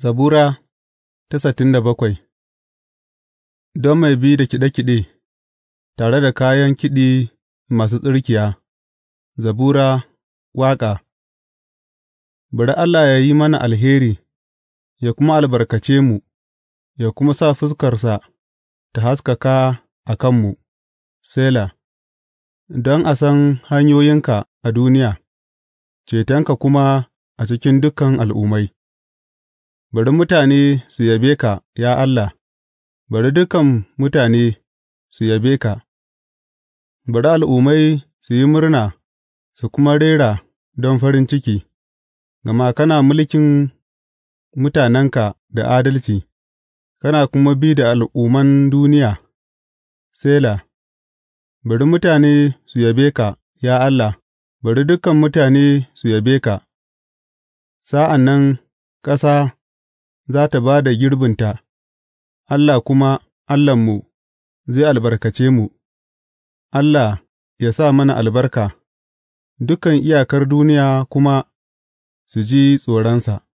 Zabura ta satin da bakwai Don mai bi da kiɗe-kiɗe, tare da kayan kiɗi masu tsirkiya, zabura, waƙa Bari Allah ya yi mana alheri, ya kuma albarkace mu, ya kuma sa fuskarsa ta haskaka a kanmu, Sela, don a san hanyoyinka a duniya, cetonka kuma a cikin dukan al'ummai. Bari mutane su yabe ka, ya Allah; bari dukan mutane su yabe ka; bari al'ummai su yi murna su kuma rera don farin ciki, gama kana mulkin mutanenka da adalci kana kuma bi da al'umman duniya, Sela Bari mutane su yabe ka, ya Allah; bari dukan mutane su yabe ka, sa'an nan ƙasa. za tă ba da girbinta, Allah kuma Allahnmu zai albarkace mu, Allah ya sa mana albarka, dukan iyakar duniya kuma su ji tsoronsa.